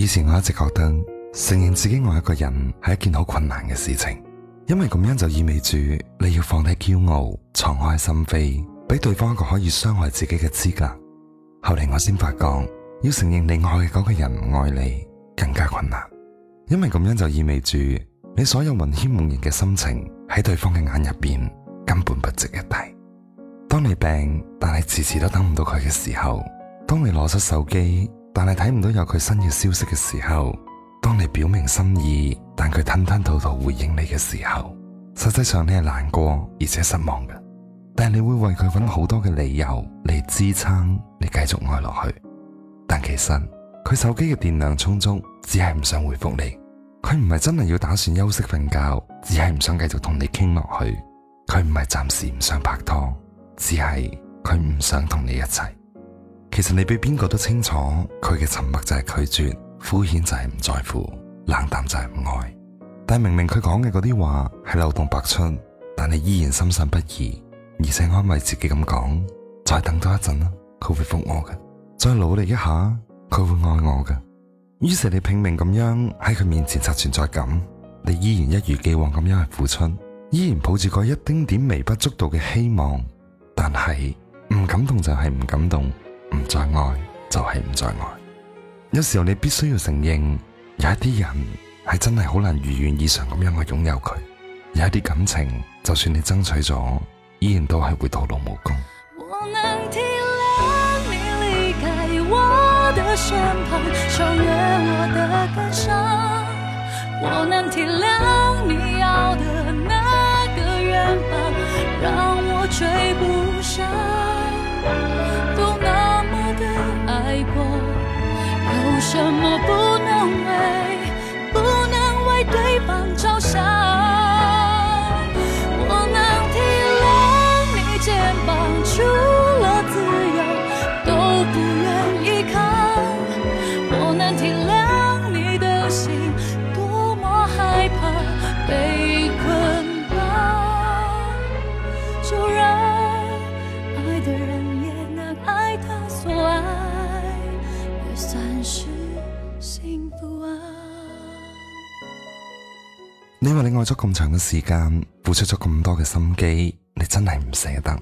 以前我一直覺得承認自己愛一個人係一件好困難嘅事情，因為咁樣就意味住你要放低驕傲，敞開心扉，俾對方一個可以傷害自己嘅資格。後嚟我先發覺，要承認你愛嘅嗰個人唔愛你更加困難，因為咁樣就意味住你所有魂牽夢縈嘅心情喺對方嘅眼入邊根本不值一提。當你病但係遲遲都等唔到佢嘅時候，當你攞出手機。但係睇唔到有佢新嘅消息嘅時候，當你表明心意，但佢吞吞吐吐回應你嘅時候，實際上你係難過而且失望嘅。但係你會為佢揾好多嘅理由嚟支撐你繼續愛落去。但其實，佢手機嘅電量充足，只係唔想回覆你。佢唔係真係要打算休息瞓覺，只係唔想繼續同你傾落去。佢唔係暫時唔想拍拖，只係佢唔想同你一齊。其實你比邊個都清楚，佢嘅沉默就係拒絕，敷衍就係唔在乎，冷淡就係唔愛。但明明佢講嘅嗰啲話係漏洞百出，但你依然深信不疑，而且安慰自己咁講：再等多一陣啦，佢會覆我嘅；再努力一下，佢會愛我嘅。於是你拼命咁樣喺佢面前刷存在感，你依然一如既往咁樣去付出，依然抱住個一丁點微不足道嘅希望。但係唔感動就係唔感動。唔再愛就係、是、唔再愛。有時候你必須要承認，有一啲人係真係好難如願以償咁樣去擁有佢，有一啲感情就算你爭取咗，依然都係會徒勞無功。我能體諒你離開我的身旁，超越我的感傷，我能體諒你要的那個遠方，讓我追不上什麼不能為？不能為對方着想。你話你愛咗咁長嘅時間，付出咗咁多嘅心機，你真係唔捨得。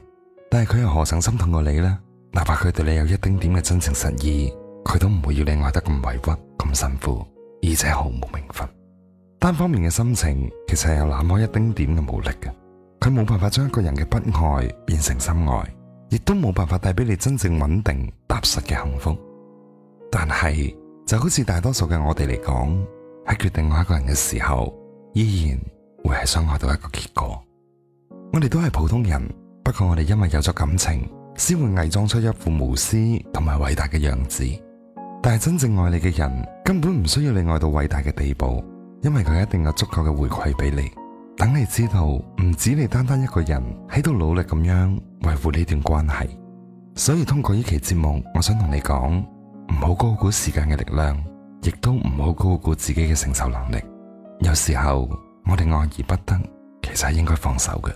但係佢又何曾心痛過你呢？哪怕佢對你有一丁點嘅真情實意，佢都唔會要你愛得咁委屈、咁辛苦，而且毫無名分。單方面嘅心情，其實係有那麼一丁點嘅無力嘅。佢冇辦法將一個人嘅不愛變成深愛，亦都冇辦法帶俾你真正穩定踏實嘅幸福。但係。就好似大多數嘅我哋嚟講，喺決定愛一個人嘅時候，依然會係想愛到一個結果。我哋都係普通人，不過我哋因為有咗感情，先會偽裝出一副無私同埋偉大嘅樣子。但係真正愛你嘅人，根本唔需要你愛到偉大嘅地步，因為佢一定有足夠嘅回饋俾你。等你知道，唔止你單單一個人喺度努力咁樣維護呢段關係。所以通過呢期節目，我想同你講。唔好高估時間嘅力量，亦都唔好高估自己嘅承受能力。有時候我哋愛而不得，其實係應該放手嘅。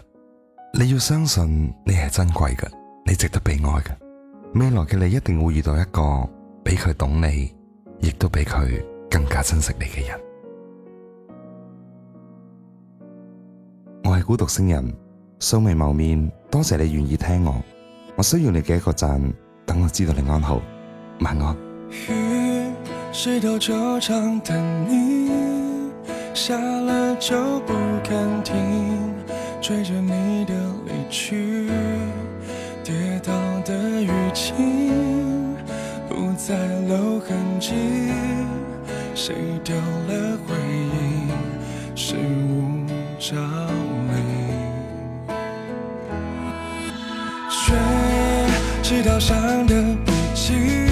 你要相信你係珍貴嘅，你值得被愛嘅。未來嘅你一定會遇到一個比佢懂你，亦都比佢更加珍惜你嘅人。我係孤獨星人，素未謀面，多謝你願意聽我。我需要你嘅一個讚，等我知道你安好。哦、雨濕透球場等你下了就不肯停，追着你的離去。跌倒的淤青不再留痕跡，誰丟了回應？回憶是無着理，誰知道上的不輕。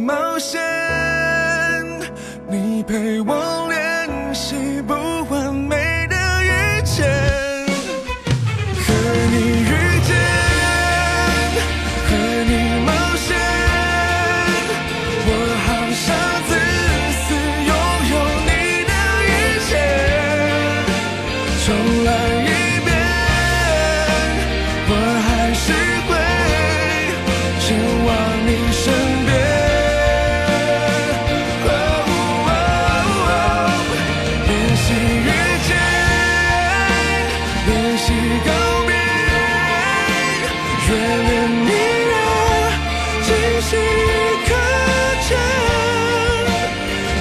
冒險，你陪我。